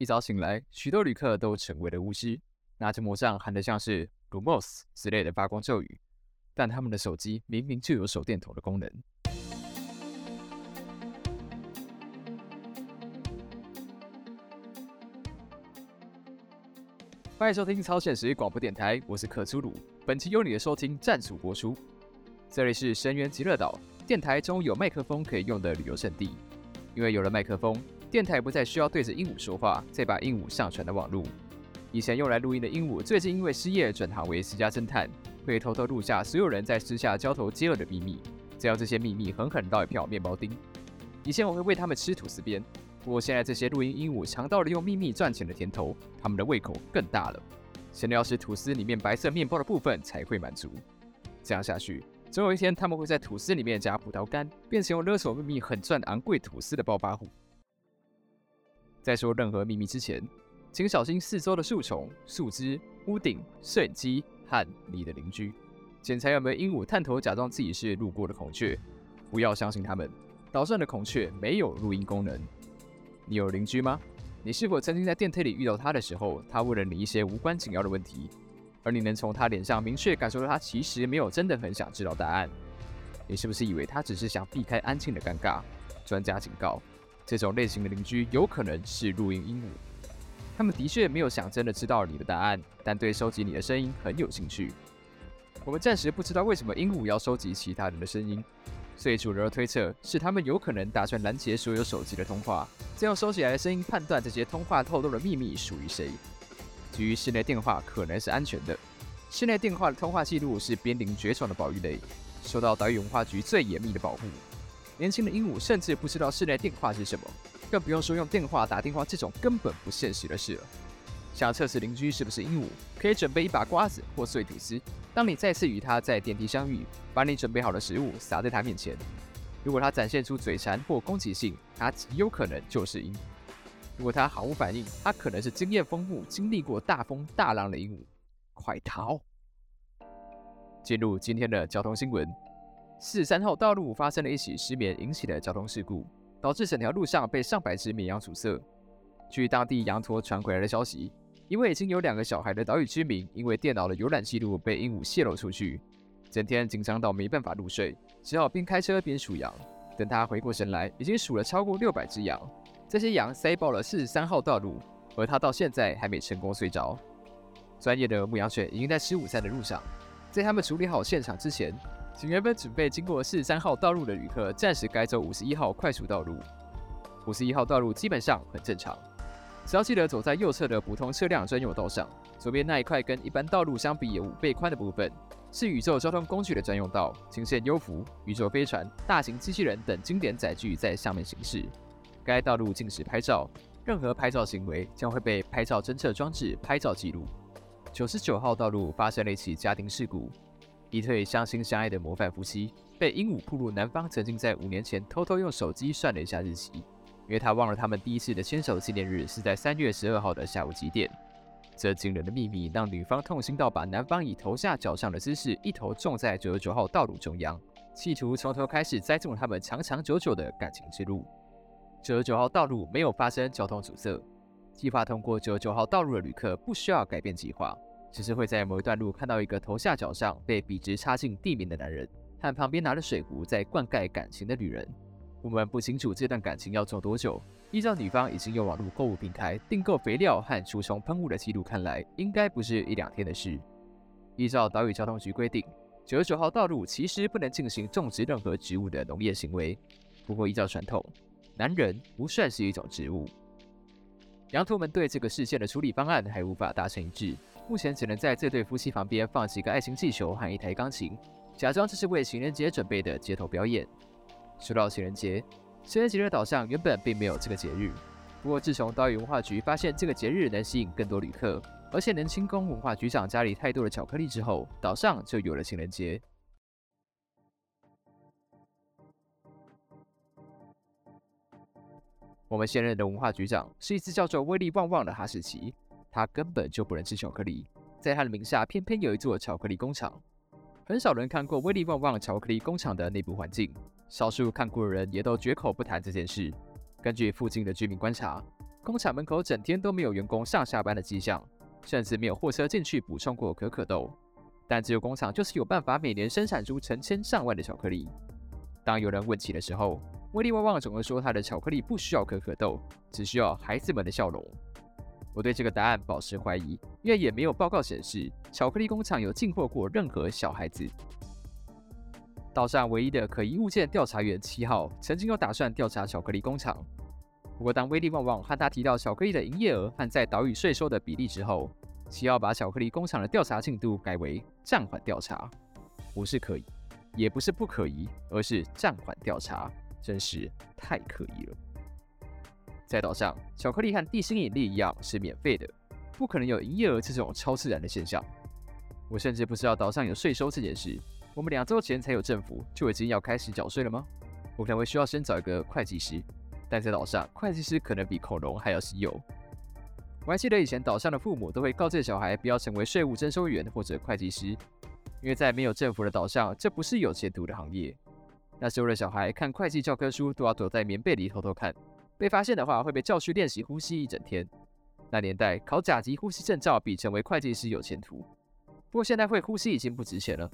一早醒來，許多旅客都成為了巫師，拿着魔杖喊得像是“盧莫斯”之類的發光咒語，但他們的手機明明就有手電筒的功能。歡迎收聽超現實廣播電台，我是克蘇魯，本期由你的收聽贊助播出。這裡是深淵極樂島，電台中有麥克風可以用的旅遊勝地，因為有了麥克風。電台不再需要對着鸚鵡說話，再把鸚鵡上傳的網路。以前用來錄音的鸚鵡，最近因為失業轉行為私家偵探，會偷偷錄下所有人在私下交頭接耳的秘密，只要這些秘密狠狠撈一票麵包丁。以前我會餵他們吃吐司邊，不過現在這些錄音鸚鵡嘗到了用秘密賺錢的甜頭，他們的胃口更大了，現在要吃吐司裡面白色麵包的部分才會滿足。這樣下去，總有一天他們會在吐司裡面加葡萄乾，變成用勒索秘密狠賺昂貴吐司的暴發戶。在說任何秘密之前，請小心四周的樹叢、樹枝、屋頂、攝影機和你的鄰居。檢查有沒有鸚鵡探頭，假裝自己是路過的孔雀。不要相信他們，島上的孔雀沒有錄音功能。你有鄰居嗎？你是否曾經在電梯裡遇到他的時候，他問了你一些無關緊要的問題，而你能從他臉上明確感受到他其實沒有真的很想知道答案？你是不是以為他只是想避開安靜的尷尬？專家警告。這種類型的鄰居有可能是錄音鸚鵡，他們的確沒有想真的知道你的答案，但對收集你的聲音很有興趣。我們暫時不知道為什麼鸚鵡要收集其他人的聲音，所以主流的推測是他們有可能打算攔截所有手機的通話，這樣收起來的聲音判斷這些通話透露的秘密屬於誰。至於室內電話可能是安全的，室內電話的通話記錄是瀕臨絕種的保育類，受到島嶼文化局最嚴密的保護。年輕的鸚鵡甚至不知道室內電話是什麼，更不用說用電話打電話這種根本不現實的事了。想要測試鄰居是不是鸚鵡，可以準備一把瓜子或碎吐司。當你再次與它在電梯相遇，把你準備好的食物撒在它面前。如果它展現出嘴饞或攻擊性，它極有可能就是鸚鵡。如果它毫無反應，它可能是經驗豐富、經歷過大風大浪的鸚鵡。快逃！進入今天的交通新聞。四十三號道路發生了一起失眠引起的交通事故，導致整條路上被上百隻綿羊阻塞。據當地羊駝傳回來的消息，因為已經有兩個小孩的島嶼居民，因為電腦的遊覽記錄被鸚鵡泄露出去，整天緊張到沒辦法入睡，只好邊開車邊數羊。等他回過神來，已經數了超過六百隻羊，這些羊塞爆了四十三號道路，而他到現在還沒成功睡着。專業的牧羊犬已經在吃午餐的路上，在他們處理好現場之前，請原本準備經過四十三號道路的旅客，暫時改走五十一號快速道路。五十一號道路基本上很正常，只要記得走在右側的普通車輛專用道上，左邊那一塊跟一般道路相比有五倍寬的部分，是宇宙交通工具的專用道，僅限幽浮、宇宙飛船、大型機器人等經典載具在上面行駛。該道路禁止拍照，任何拍照行為將會被拍照偵測裝置拍照記錄。九十九號道路發生了一起家庭事故。一對相親相愛的模範夫妻被鸚鵡暴露，男方曾經在五年前偷偷用手機算了一下日期，因為他忘了他們第一次的牽手紀念日是在三月十二號的下午幾點。這驚人的秘密讓女方痛心到把男方以頭下腳上的姿勢一頭撞在九十九號道路中央，企圖從頭開始栽種他們長長久久的感情之路。九十九號道路沒有發生交通阻塞，計劃通過九十九號道路的旅客不需要改變計劃。只是會在某一段路看到一個頭下腳上被筆直插進地面的男人，和旁邊拿着水壺在灌溉感情的女人。我們不清楚這段感情要做多久。依照女方已經有網絡購物平台訂購肥料和除蟲噴霧的記錄看來，應該不是一兩天的事。依照島嶼交通局規定，九十九號道路其實不能進行種植任何植物的農業行為。不過依照傳統，男人不算是一種植物。羊駝們對這個事件的處理方案還無法達成一致。目前只能在這對夫妻旁邊放幾個愛情氣球和一台鋼琴，假裝這是為情人節準備的街頭表演。說到情人節，情人節的島上原本並沒有這個節日。不過自從島嶼文化局發現這個節日能吸引更多旅客，而且能清空文化局長家裡太多的巧克力之後，島上就有了情人節。我們現任的文化局長是一只叫做威力旺旺的哈士奇。他根本就不能吃巧克力，在他的名下偏偏有一座巧克力工廠。很少人看過威利旺旺巧克力工廠的內部環境，少數看過的人也都絕口不談這件事。根據附近的居民觀察，工廠門口整天都沒有員工上下班的跡象，甚至沒有貨車進去補充過可可豆。但這座工廠就是有辦法每年生產出成千上萬的巧克力。當有人問起的時候，威利旺旺總會說他的巧克力不需要可可豆，只需要孩子們的笑容。我對這個答案保持懷疑，因為也沒有報告顯示巧克力工廠有進貨過任何小孩子。島上唯一的可疑物件調查員七號曾經有打算調查巧克力工廠，不過當威力旺旺和他提到巧克力的營業額和在島嶼稅收的比例之後，七號把巧克力工廠的調查進度改為暫緩調查，不是可疑，也不是不可疑，而是暫緩調查，真是太可疑了。在島上，巧克力和地心引力一樣是免費的，不可能有營業額這種超自然的現象。我甚至不知道島上有稅收這件事。我們兩周前才有政府，就已經要開始繳稅了嗎？我可能會需要先找一個會計師，但在島上，會計師可能比恐龍還要稀有。我還記得以前島上的父母都會告誡小孩不要成為稅務徵收員或者會計師，因為在沒有政府的島上，這不是有前途的行業。那時候的小孩看會計教科書都要躲在棉被裡偷偷看。被發現的話會被叫去練習呼吸一整天。那年代考甲級呼吸證照比成為會計師有前途。不過現在會呼吸已經不值錢了。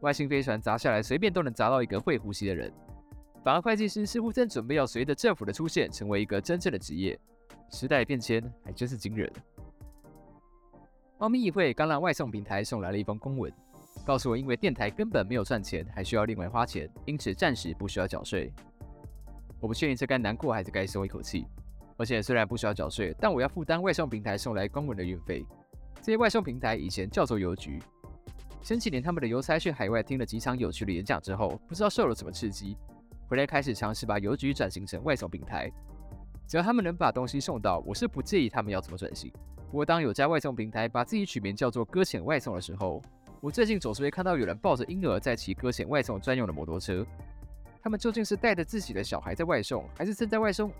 外星飛船砸下來，隨便都能砸到一個會呼吸的人。反而會計師似乎正準備要隨着政府的出現成為一個真正的職業。時代變遷還真是驚人。貓咪議會剛讓外送平台送來了一封公文，告訴我因為電台根本沒有賺錢，還需要另外花錢，因此暫時不需要繳稅。我不確定這該難過還是該鬆一口氣。而且雖然不需要繳稅，但我要負擔外送平台送來公文的運費。這些外送平台以前叫做郵局。前幾年他們的郵差去海外聽了幾場有趣的演講之後，不知道受了什麼刺激，回來開始嘗試把郵局轉型成外送平台。只要他們能把東西送到，我是不介意他們要怎麼轉型。不過當有家外送平台把自己取名叫做“擱淺外送”的時候，我最近總是會看到有人抱着嬰兒在騎“擱淺外送”專用的摩托車。他們究竟是帶着自己的小孩在外送，還是正在外送？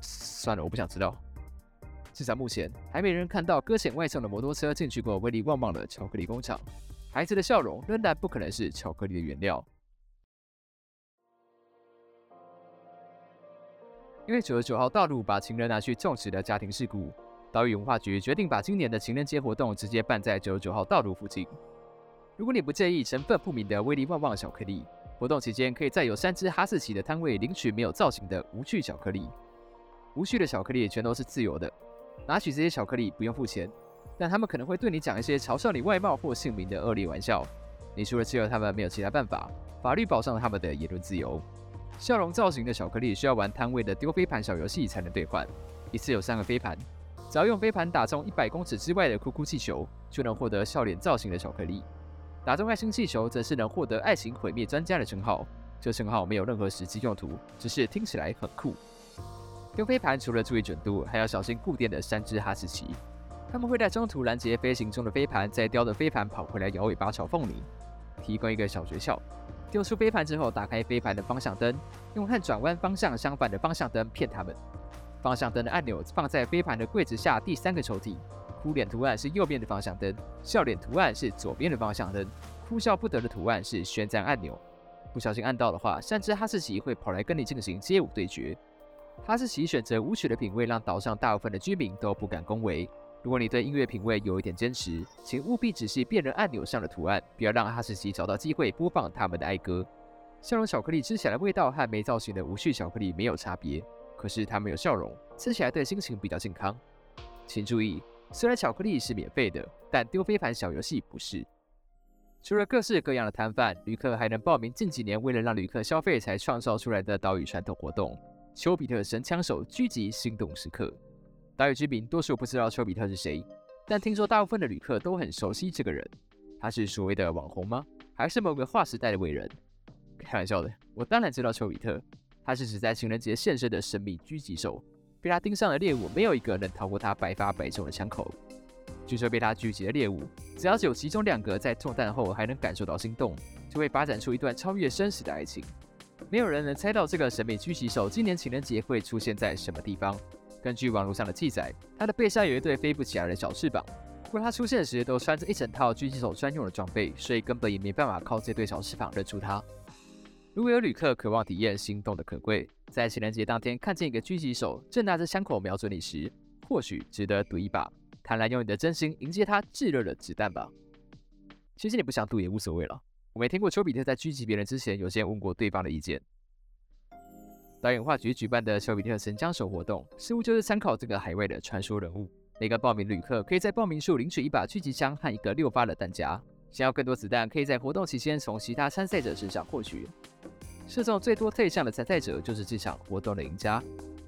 算了，我不想知道。至少目前還沒人看到擱淺外送的摩托車進去過威力旺旺的巧克力工廠。孩子的笑容仍然不可能是巧克力的原料。因為九十九號道路把情人拿去種植的家庭事故，島嶼文化局決定把今年的情人節活動直接辦在九十九號道路附近。如果你不介意成分不明的威力旺旺巧克力。活動期間，可以在有三隻哈士奇的攤位領取沒有造型的無趣巧克力。無趣的巧克力全都是自由的，拿取這些巧克力不用付錢，但他們可能會對你講一些嘲笑你外貌或姓名的惡劣玩笑。你除了自由，他們，沒有其他辦法。法律保障了他們的言論自由。笑容造型的巧克力需要玩攤位的丟飛盤小遊戲才能兌換，一次有三個飛盤，只要用飛盤打中一百公尺之外的酷酷氣球，就能獲得笑臉造型的巧克力。打中愛心氣球，則是能獲得“愛情毀滅專家”的稱號。這稱號沒有任何實際用途，只是聽起來很酷。丟飛盤除了注意準度，還要小心固定的三隻哈士奇。他們會在中途攔截飛行中的飛盤，在叼着飛盤跑回來搖尾巴嘲諷你。提供一個小訣竅：丟出飛盤之後，打開飛盤的方向燈，用和轉彎方向相反的方向燈騙他們。方向燈的按鈕放在飛盤的櫃子下第三個抽屜。哭臉圖案是右邊的方向燈，笑臉圖案是左邊的方向燈，哭笑不得的圖案是宣戰按鈕。不小心按到的話，甚至哈士奇會跑來跟你進行街舞對決。哈士奇選擇舞曲的品味讓島上大部分的居民都不敢恭維。如果你對音樂品味有一點堅持，請務必仔細辨認按鈕上的圖案，不要讓哈士奇找到機會播放他們的哀歌。笑容巧克力吃起來味道和沒造型的無趣巧克力沒有差別，可是它們有笑容，吃起來對心情比較健康。請注意。雖然巧克力是免費的，但丟飛盤小遊戲不是。除了各式各樣的攤販，旅客還能報名近幾年為了讓旅客消費才創造出來的島嶼傳統活動——丘比特神槍手狙擊心動時刻。島嶼居民多數不知道丘比特是誰，但聽說大部分的旅客都很熟悉這個人。他是所謂的網紅嗎？還是某個劃時代的偉人？開玩笑的，我當然知道丘比特，他是只在情人節現身的神秘狙擊手。被他盯上的獵物，沒有一個能逃過他百發百中的槍口。據說被他狙擊的獵物，只要只有其中兩個在中彈後還能感受到心動，就會發展出一段超越生死的愛情。沒有人能猜到這個神秘狙擊手今年情人節會出現在什麼地方。根據網絡上的記載，他的背上有一對飛不起來的小翅膀。不過他出現時都穿着一整套狙擊手專用的裝備，所以根本也沒辦法靠這對小翅膀認出他。如果有旅客渴望體驗心動的可貴，在情人節當天看見一個狙擊手正拿着槍口瞄準你時，或許值得賭一把，坦然用你的真心迎接他炙熱的子彈吧。其實你不想賭也無所謂了。我沒聽過丘比特在狙擊別人之前有先問過對方的意見。島嶼文化局舉辦的丘比特神槍手活動，似乎就是參考這個海外的傳說人物。每個報名旅客可以在報名處領取一把狙擊槍和一個六發的彈夾，想要更多子彈，可以在活動期間從其他參賽者身上獲取。射中最多對象的參賽者就是這場活動的贏家，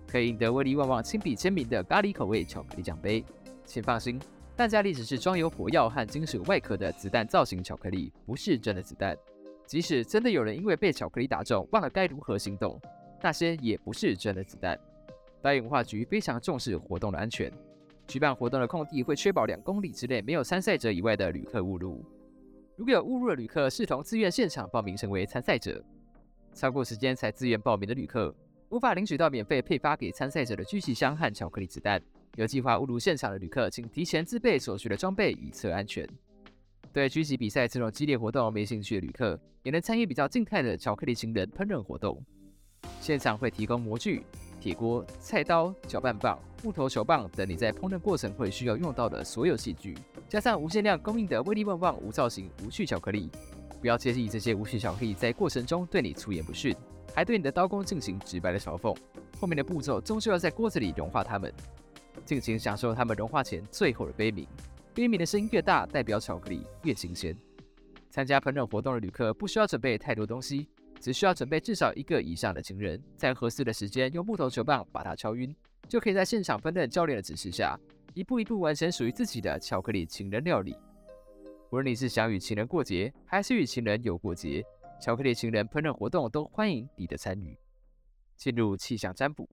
可以贏得威力旺旺親筆簽名的咖喱口味巧克力獎杯。請放心，彈匣裡只是裝有火藥和金屬外殼的子彈造型巧克力，不是真的子彈。即使真的有人因為被巧克力打中忘了該如何行動，那些也不是真的子彈。島嶼文化局非常重視活動的安全，舉辦活動的空地會確保兩公里之內沒有參賽者以外的旅客誤入。如果有誤入的旅客，視同自願現場報名成為參賽者。超過時間才自願報名的旅客，無法領取到免費配發給參賽者的狙擊槍和巧克力子彈。有計劃誤入現場的旅客，請提前自備所需的裝備以策安全。對狙擊比賽這種激烈活動沒興趣的旅客，也能參與比較靜態的巧克力情人烹飪活動。現場會提供模具、鐵鍋、菜刀、攪拌棒、木頭球棒等你在烹飪過程會需要用到的所有器具，加上無限量供應的威力旺旺、無造型無趣巧克力。不要介意這些無恥巧克力在過程中對你出言不遜，還對你的刀工進行直白的嘲諷。後面的步驟終究要在鍋子裡融化它們，盡情享受它們融化前最後的悲鳴。悲鳴的聲音越大，代表巧克力越新鮮。參加烹飪活動的旅客不需要準備太多東西，只需要準備至少一個以上的情人，在合適的時間用木頭球棒把它敲暈，就可以在現場烹飪教練的指示下，一步一步完成屬於自己的巧克力情人料理。無論你是想與情人過節，還是與情人有過節，巧克力情人烹飪活動都歡迎你的參與。進入氣象占卜。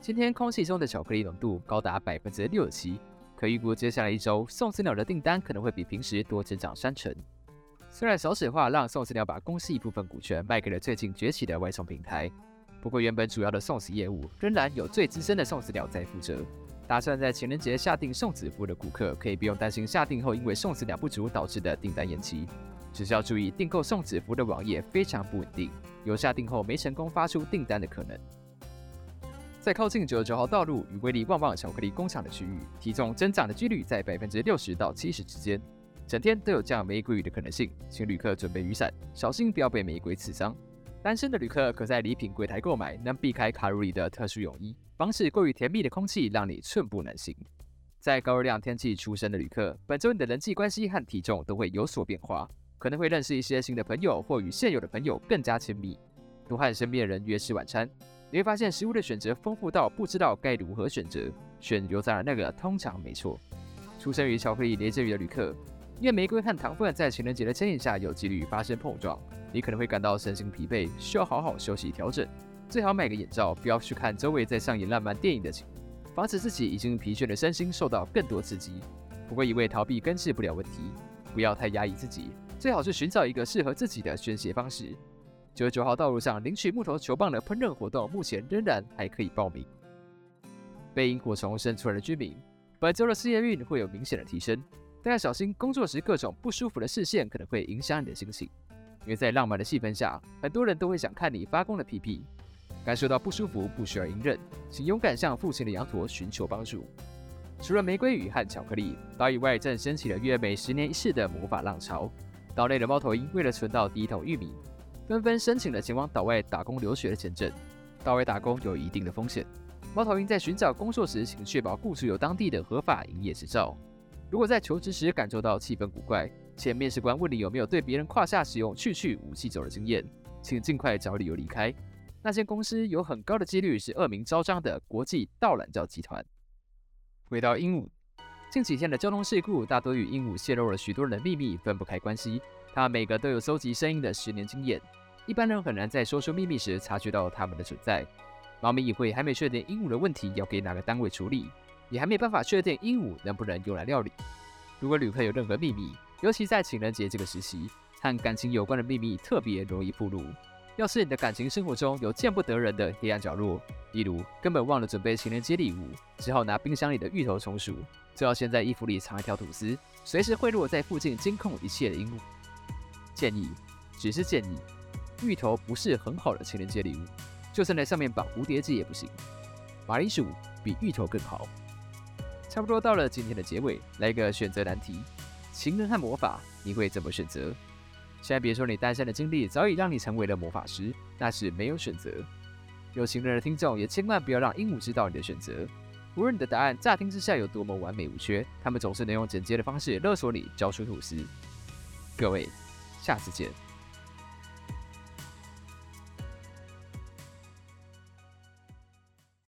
今天空氣中的巧克力濃度高達百分之六十七，可預估接下來一周送死鳥的訂單可能會比平時多增長三成。雖然少子化讓送死鳥把公司一部分股權賣給了最近崛起的外送平台，不過原本主要的送死業務仍然有最資深的送死鳥在負責。打算在情人節下訂送子服的顧客，可以不用擔心下訂後因為送子量不足導致的訂單延期。只需要注意，訂購送子服的網頁非常不穩定，有下訂後沒成功發出訂單的可能。在靠近九十九號道路與威力旺旺巧克力工廠的區域，體重增長的幾率在百分之六十到七十之間。整天都有下玫瑰雨的可能性，請旅客準備雨傘，小心不要被玫瑰刺傷。單身的旅客可在禮品櫃台購買能避開卡路里的特殊泳衣。防止過於甜蜜的空氣讓你寸步難行。在高熱量天氣出生的旅客，本周你的人際關係和體重都會有所變化，可能會認識一些新的朋友或與現有的朋友更加親密。多和身邊的人約吃晚餐，你會發現食物的選擇豐富到不知道該如何選擇，選留在那個通常沒錯。出生於巧克力雷陣雨的旅客，因為玫瑰和糖分在情人節的牽引下有幾率發生碰撞，你可能會感到身心疲憊，需要好好休息調整。最好買個眼罩，不要去看周圍在上演浪漫電影的情況，防止自己已經疲倦的身心受到更多刺激。不過，一味逃避根治不了問題，不要太壓抑自己，最好是尋找一個適合自己的宣泄方式。九十九號道路上領取木頭球棒的烹飪活動，目前仍然還可以報名。被螢火蟲生出來的居民，本周的事業運會有明顯的提升，但要小心工作時各種不舒服的視線可能會影響你的心情，因為在浪漫的氣氛下，很多人都會想看你發光的屁屁。感受到不舒服，不需要隱忍，請勇敢向父親的羊駝尋求幫助。除了玫瑰雨和巧克力，島以外正掀起了約每十年一遇的魔法浪潮。島內的貓頭鷹為了存到第一桶玉米，紛紛申請了前往島外打工留學的簽證。島外打工有一定的風險，貓頭鷹在尋找工作時，請確保僱主有當地的合法營業執照。如果在求職時感受到氣氛古怪，且面試官問你有沒有對別人胯下使用去去武器走的經驗，請盡快找理由離開。那些公司有很高的幾率是惡名昭彰的國際盜懶教集團。回到鸚鵡，近幾天的交通事故大多與鸚鵡洩露了許多人的秘密分不開關係。它每個都有搜集聲音的十年經驗，一般人很難在說出秘密時察覺到它們的存在。貓咪議會還沒確定鸚鵡的問題要給哪個單位處理，也還沒辦法確定鸚鵡能不能用來料理。如果旅客有任何秘密，尤其在情人節這個時期，和感情有關的秘密特別容易暴露。要是你的感情生活中有見不得人的黑暗角落，例如根本忘了準備情人節禮物，只好拿冰箱裡的芋頭充數，最好先在衣服裡藏一條吐司，隨時賄賂在附近監控一切的鸚鵡。建議，只是建議，芋頭不是很好的情人節禮物，就算在上面綁蝴蝶結也不行。馬鈴薯比芋頭更好。差不多到了今天的結尾，來一個選擇難題：情人和魔法，你會怎麼選擇？現在別說你單身的經歷早已讓你成為了魔法師，那是沒有選擇。有情人的聽眾也千萬不要讓鸚鵡知道你的選擇。無論你的答案乍聽之下有多麼完美無缺，他們總是能用簡潔的方式勒索你交出吐司。各位，下次見。